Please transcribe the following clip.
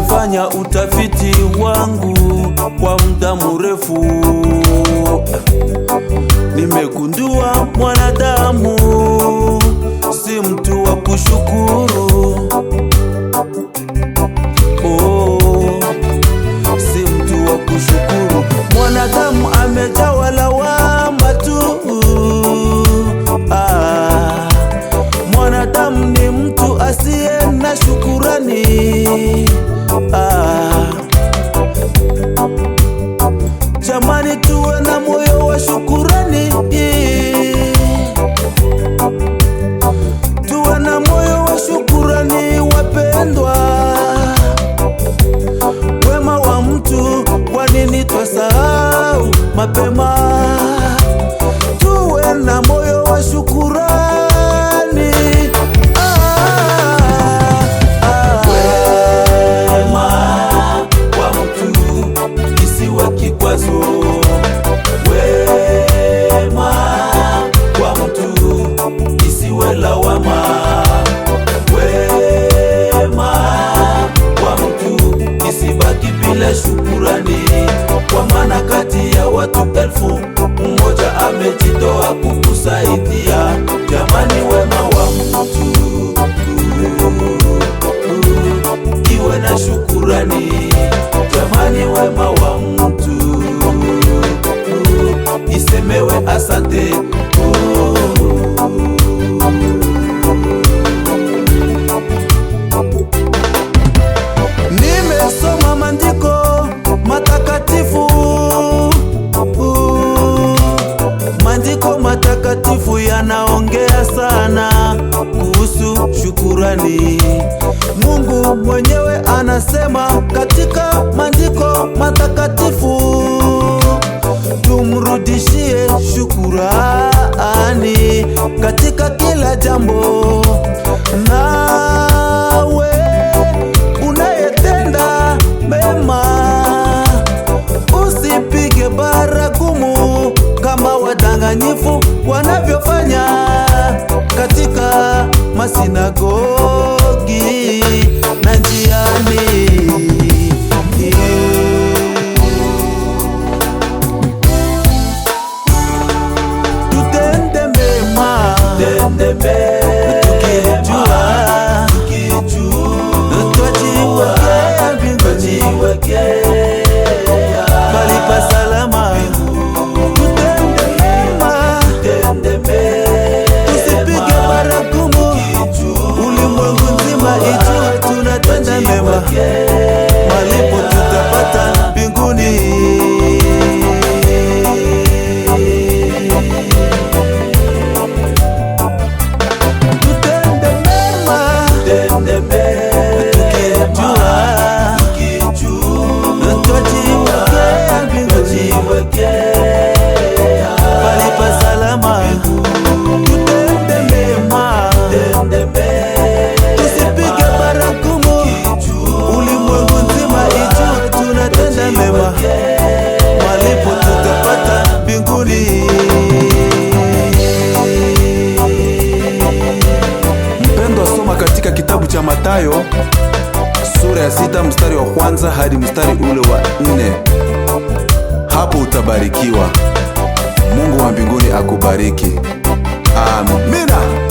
nimefanya utafiti wangu kwa muda mrefu, nimegundua mwanadamu mapema, tuwe na moyo wa shukurani. wema wa mtu isiwe kikwazo, wema wa mtu isiwe lawama, wa mtu isibaki bila shukurani watupe elfu mmoja amejitoa kukusaidia. shukurani. Mungu mwenyewe anasema katika maandiko matakatifu, tumrudishie shukurani katika kila jambo. Nawe unayetenda mema usipige baragumu kama wadanganyifu wanavyofanya katika uma sinagoga. the Mathayo sura ya sita mstari wa kwanza hadi mstari ule wa nne. Hapo utabarikiwa. Mungu wa mbinguni akubariki. Amina.